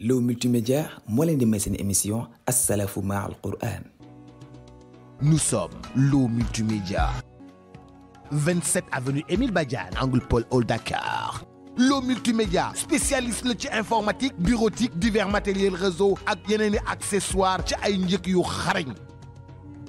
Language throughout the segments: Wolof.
L'eau multimédia moi de di émission Assalafou Ma'al Qur'an nous sommes l'eau multimédia 27 avenue Émile Bajan, angle Paul Oldakar. Dakar l'eau multimédia spécialiste le l'informatique, informatique bureautique divers matériels réseau et accessoires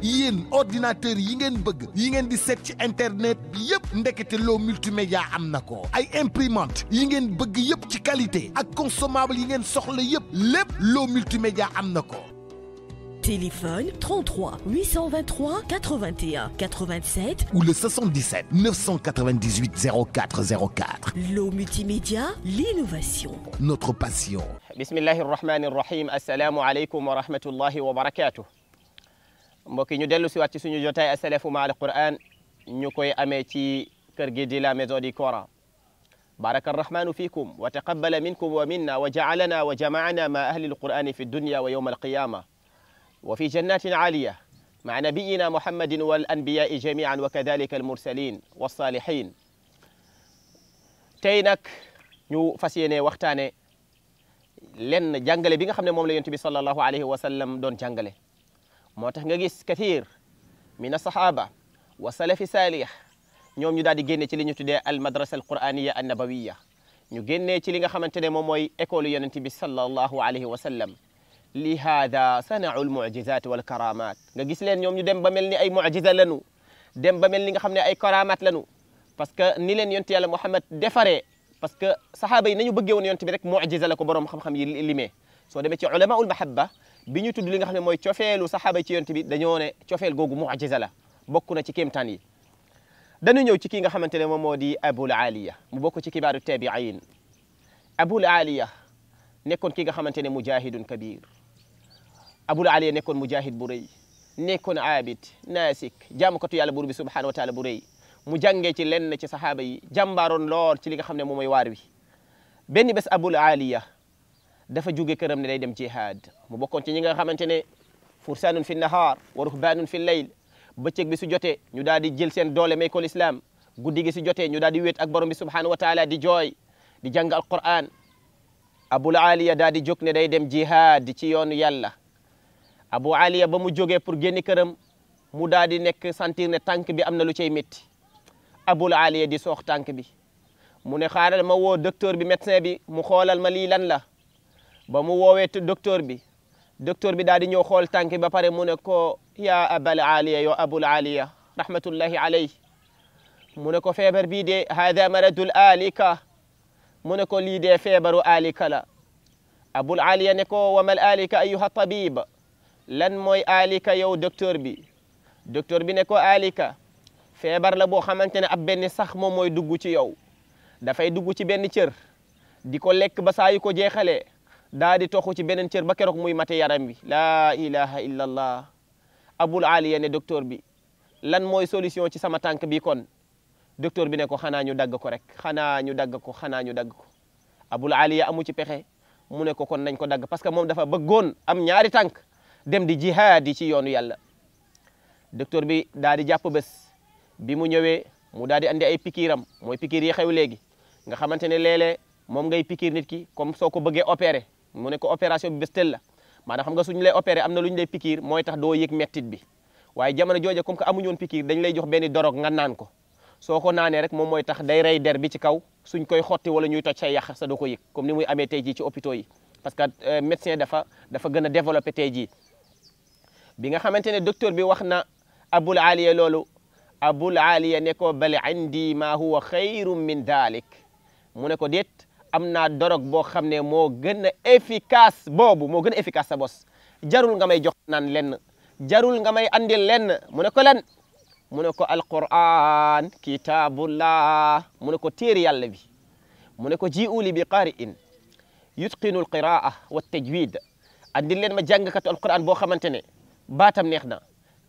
yéen ordinateur yi ngeen bëgg yi di ci internet bi yëpp ndekete loo multimédia am na ko ay imprimante yi ngeen bëgg yépp ci qualité ak consommable yi ngeen soxla l'eau lépp multimédia am ko téléphone 33 823 81 87 ou le 77 998 0404. L'eau multimédia, l'innovation. Notre passion. Bismillahirrahmanirrahim, Assalamu alaikum wa rahmatullahi wa barakatuh. mbokk yi ñu dellu si waat ci suñu jotaay asalafu ma al quran ñu koy amee ci kër gi di la maison du coran baraka arrahmanu fikum wa taqabbala minkum wa minna wa ja'alana wa jama'ana ma ahli alqur'ani fi dunya wa yawm alqiyama wa fi jannatin aliyah مع نبينا محمد والأنبياء جميعا وكذلك المرسلين والصالحين tey nag ñu fas yéene waxtaane lenn jàngale bi nga xam ne moom la yonent bi sallallahu alayhi wa sallam doon jàngale moo tax nga gis kathir mina saxaaba wa salafi saalih ñoom ñu daal di génne ci li ñu tuddee al madrasa al quraniya an nabawiya ñu génnee ci li nga xamante ne moom mooy école yonente bi sallallahu alayhi wa sallam li hada sanau al mujizat wal karamat nga gis leen ñoom ñu dem ba mel ni ay mujiza lanu dem ba mel ni nga xam ne ay karamat lanu parce que ni leen yonte yàlla Muhammad defaree parce que saxaaba yi nañu bëggee woon yonte bi rek mujiza la ko borom xam-xam yi limee soo demee ci ulamaul mahabba biñu ñu tudd li nga xamne moy ciofelu sahaba ci yonte bi dañoo ne ciofel gogu mu'jiza la bokku na ci kemtan yi dañu ñëw ci ki nga xamantene ne modi abul aliya mu bokku ci kibaru tabiin abul aliya nekkon ki nga xamantene mujahidun kabir abul aliya nekkon mujahid bu rëy nekkoon abid ko to yàlla buur bi subhanahu wa taala bu rëy mu jange ci len ci sahaba yi jambaron lor ci li nga xamne ne moy war wi benn bés abul aliya dafa jóge kërëm ne day dem jihaad mu bokkon ci ñi nga xamante ne fi nahar wa ruhbanun fi layl beccëk bi su joté ñu daal jël seen doole may ko l'islam guddi gi su joté ñu daal wét ak borom bi subhanahu wa taala di joy di jàng alquran abu aliya daal di jóg ne day dem jihad ci yoonu yàlla abu aliya ba mu jógee pour génni kërëm mu daal nek sentir ne tànk bi amna lu cey métti abu aliya di sox tànk bi mu ne xaaral ma wo docteur bi médecin bi mu xolal ma li lan la ba mu woowee docteur bi docteur bi daal di ñëw xol tanki ba pare mu ne ko ya abul aliya yo abul aliya rahmatullah alayh mu ne ko febar bi de hada maradul alika mu ne ko li de febaru alika la abul aliya ne ko wa mal alika ayuha tabib lan moy alika yow docteur bi docteur bi ne ko alika febar la bo xamantene ab ben sax mom moy duggu ci yow da fay duggu ci ben cieur diko lek ba sayu ko jexale daa di toxu ci beneen cër ba keroog muy mate yaram bi laa ilaha illa allah abul aliya ne docteur bi lan mooy solution ci sama tànk bi kon docteur bi ne ko xanaa ñu dagg ko rek xanaa ñu dagg ko xanaa ñu dagg ko abul aliya amu ci pexe mu ne ko kon nañ ko dagg parce que moom dafa bëggoon am ñaari tànk dem di jihaad yi ci yoonu yàlla docteur bi daa di jàpp bés bi mu ñëwee mu daa di andi ay pikiiram mooy pikiir yi xew léegi nga xamante ne léeg moom ngay pikiir nit ki comme soo ko bëggee opérer mu ne ko opération bi bestel la manam xam nga suñu lay opérer amna luñ lay pikiir moy tax do yek mettit bi waye jamono jojje comme que amuñu won pikiir dañ lay jox ben dorog nga nan ko soko nané rek mom moy tax day ray der bi ci kaw suñ koy xoti wala ñuy tocc ay yax sa do ko yek comme ni muy amé tay ji ci hôpitaux yi parce que médecin dafa dafa gëna développer tay ji bi nga xamantene docteur bi waxna abul aliya lolu abul aliya ne ko bal indi ma huwa xayrun min dalik mu ne ko det am naa dorog boo xam ne moo gën a efficace boobu moo gën a efficace sa bos jarul nga may jox naan lenn jarul nga may andil lenn mu ne ko lan mu ne ko alquran kitabullah mu ne ko téere yàlla bi mu ne ko jiuli bi qari'in yutqinu alqiraa wa tajwid andil leen ma jàngkatu alquran boo xamante ne baatam neex na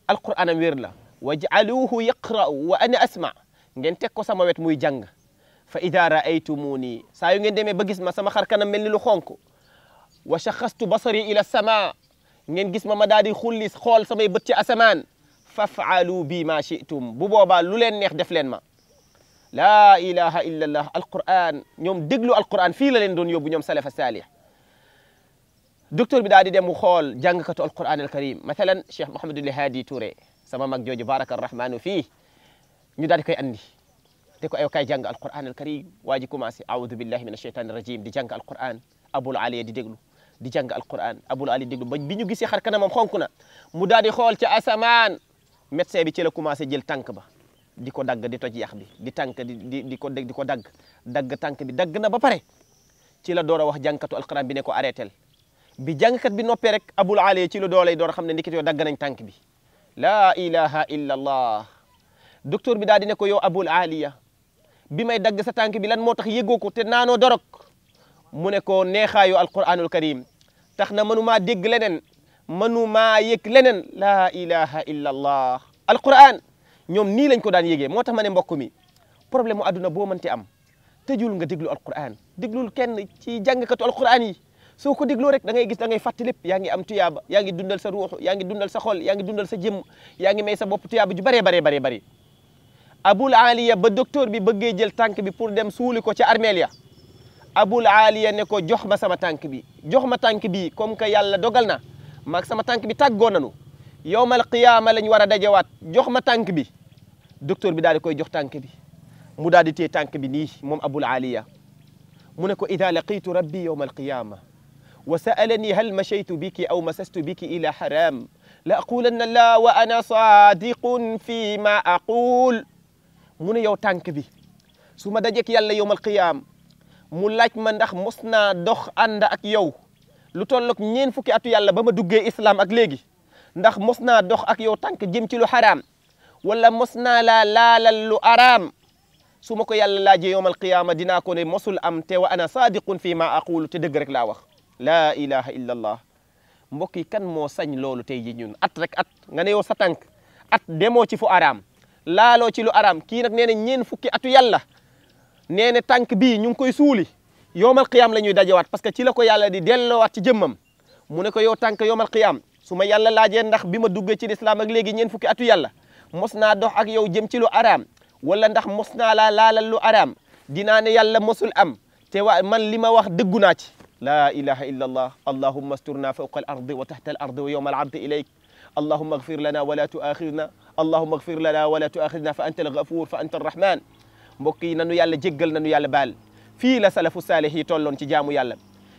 alquran am wér la waj'aluhu yaqra'u wa ana asma ngeen teg ko sama wet muy jàng فإذا رأيتموني سايو نين ديمي بغيس ما سما خاركانا ملي لو خونكو وشخصت بصري إلى السماء نين جسم ما دادي خولي خول سماي بتي أسمان فافعلوا بي ما شئتم بوبوبا لولين نيخ دفلين ما لا إله إلا الله القرآن نيوم دقلو القرآن في لين دون يوبو نيوم سلف السالح دكتور بدادي ديمو خول جانكتو القرآن الكريم مثلا شيخ محمد الهادي توري سما مك جوجي بارك الرحمن فيه ني دادي كي أندي te ko ayo kay jàng alquran alkarim waaji commencé aoudu billahi min asheytani irajim di jàng alquran abul ali di déglu di jàng alquran abul ali déglu ba bi ñu gisee xar kanamam xonk na mu daal di xool ca asamaan médecin bi ci la commencé jël tànk ba di ko dagg di toj yax bi di tànk di di di ko di ko dagg dagg tànk bi dagg na ba pare ci la door a wax jàngkatu alquran bi ne ko arrêtel bi jàngkat bi noppee rek abul ali ci la doolay door a xam ne ndikit yoo dagg nañ tànk bi laa ilaha illa allah docteur bi daal di ne ko yow abul aliya bi may dagg sa tànk bi lan moo tax yëgoo ko te naanoo dorog mu ne ko neexaayu alquranul karim tax na mënumaa dégg leneen manu mënumaa yëg leneen laa ilaha illa allah alquran ñoom nii lañ ko daan yëgee moo tax ma ne mbokk mi problème mu boo boo mënti am te tëjul nga déglu alquran déglul kenn ci jàngkatu alquran yi soo ko dégloo rek da ngay gis da ngay fàtte lépp yaa ngi am tuyaaba yaa ngi dundal sa ruux yaa ngi dundal sa xol yaa ngi sa jëmm yaa ngi may sa bopp tuyaaba ju bëree baree baree bëri Abul Aliya ba docteur bi bëggee jël tànk bi pour dem suuli ko ci armeel ya Abul Aliya ne ko jox ma sama tànk bi jox ma tànk bi comme que yàlla dogal na maag sama tànk bi tàggoo nanu yowmal qiyaama lañ war a dajewaat jox ma tànk bi docteur bi daal di koy jox tànk bi mu daal di téye tànk bi nii moom Abul Aliya mu ne ko ida laqitu rabbi yowmal qiyaama wa sa'alani hal mashaytu biki aw masastu biki ila haram la aqulanna la wa ana sadiqun fi ma aqul mune yow tànk bi suma dajje ak yàlla yowmal qiyam mu laaj ma ndax musna dox ànd ak yow lu tollook ñeen fukki atu yàlla bama duggé islam ak léegi ndax musna dox ak yow tànk jëm ci lu haram wala musna la laa laalal lu aram suma ko yàlla laajee yowmal qiyam dina ko ne musul am te wa ana saadiqun fi ma aqulu te deug rek la wax la ilaha illa allah mbokki kan mo sañ lolu tay ji ñun at rek at nga ne yow sa tànk at demo ci fu aram laaloo ci lu aram ki nak neena ñeen fukki atu yàlla neena tànk bi ñu ngi koy suuli yowmal qiyam lañuy ñuy dajewaat parce que ci la ko yàlla di delo wat ci jëmmam mu ne ko yow tànk yowmal qiyam suma yàlla laaje ndax bima duggé ci l'islam ak légui ñeen fukki atu yàlla mosna dox ak yow jëm ci lu aram wala ndax mosna la laa laalal lu aram dina ne yàlla mosul am te waa man lima wax degguna ci لا إله إلا الله اللهم استرنا فوق الأرض وتحت الأرض ويوم العرض إليك اللهم اغفر لنا ولا تؤاخذنا اللهم اغفر لنا ولا تؤاخذنا فانت الغفور فانت الرحمن مبكي نانو يالا جيغل نانو يالا بال في لا سلف صالح تولون سي جامو يالا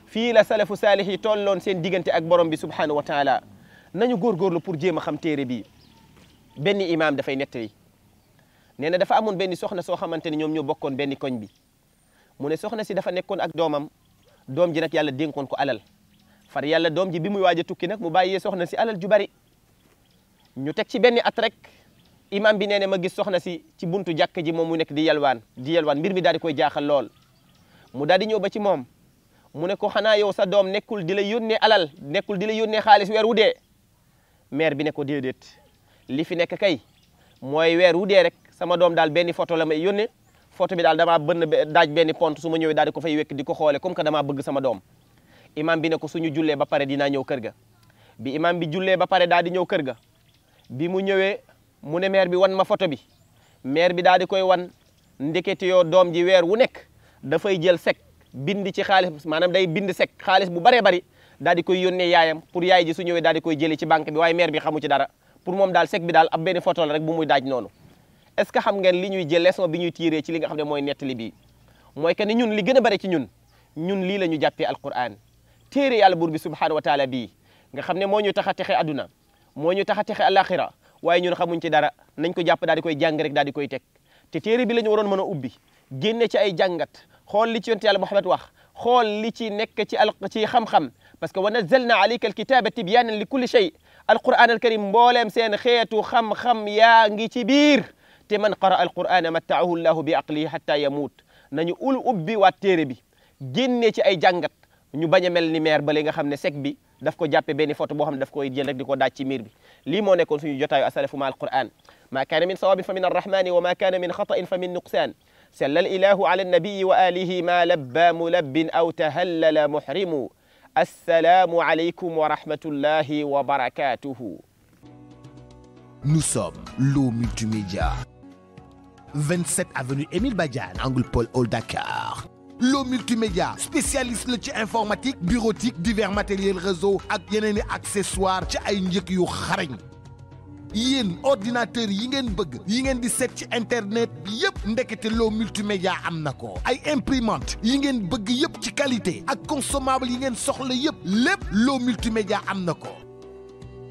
في لا سلف صالح تولون سين ديغنتي اك بروم بي سبحانه وتعالى نانيو غور غورلو بور جيما خام تيري بي بني امام دا فاي نيتري نينا دا فا امون بني سخنا سو خامتاني نيوم نيو بوكون بني كوغن بي موني سخنا سي دا فا نيكون اك دومام دوم جي نك يالا دينكون كو علال فار يالا دوم جي بيموي واجي توكي نك مو بايي سخنا سي علال جوباري ñu teg ci benn at rek imam bi nee ne ma gis soxna si ci buntu jàkk ji moom mu nekk di yalwaan di yalwaan mbir mi daadi koy jaaxal lool mu daal di ñëw ba ci moom mu ne ko xanaa yow sa doom nekkul di la yónnee alal nekkul di la yónnee xaalis weer wu dee maire bi ne ko déedéet li fi nekk kay mooy weer wu dee rek sama doom daal benn photo la may yónnee footo bi daal dama bënn daaj benn pont su ma ñëwee ko fay wekk di ko xoole comme que bëgg sama doom imam bi ne ko suñu jullee ba pare dinaa ñëw kër ga bi imam bi jullee ba pare daal di ñëw kër ga bi mu ñëwee mu ne maire bi wan ma photo bi maire bi daal di koy wan ndekete yoo doom ji weer wu nekk dafay jël sec bind ci xaalis maanaam day bind sec xaalis bu baree bari daal di koy yónnee yaayam pour yaay ji su ñëwee daal di koy jëlee ci banque bi waaye maire bi xamu ci dara pour moom daal sec bi daal ab benn photo la rek bu muy daaj noonu est xam ngeen li ñuy jël leçon bi ñuy tiiree ci li nga xam ne mooy nettali bii mooy que ni ñun li gën a bari ci ñun ñun lii la ñu jàppee alquran téere yàlla buur bi subhanahu wa taala bii nga xam ne moo ñu tax texe adduna moo ñu taxati xe texe àllaaxira waaye ñun xamuñ ci dara nañ ko jàpp daal di koy jàng rek daal di koy tek te téré bi lañu waron mëna ubbi génne ci ay jàngat xol li ci yonent yàlla Muhammad wax xol li ci nekk ci al ci xam-xam parce que wanazzalna alayka alkitaba tibyaanan li kulli shay alquran alkarim mbolem seen xeetu xam-xam ya ngi ci bir te man qara alqurana mattaahu allah bi aqlihi hatta yamut nañu ul ubbi wa téré bi génne ci ay jàngat ñu baña melni mel ba li nga xamné sek bi daf ko jàppe ben photo bo xamne daf koy jël rek diko daj ci miir bi li mo nekkon suñu jotay asalafu ma alquran ma kana min sawabin famin min arrahmani wa ma kana min khata'in famin nuqsan sallal ilahu ala an annabiyi wa alihi ma labba mulabbin aw tahallala muhrim assalamu alaykum wa rahmatullahi wa barakatuh Nous sommes l'eau multimédia 27 avenue Émile Badiane Angle Paul Old Dakar Lo multimédia spécialiste le ci informatique bureautique divers matériel réseau ak yeneen accessoires accessoire ci ay njëkk yu xarañ yéen ordinateur yi ngeen bëgg yi ngeen di set ci internet bi yépp ndekete multimédia am na ko ay imprimante yi ngeen bëgg yépp ci qualité ak consommable yi ngeen soxla yépp lépp loo multimédia am na ko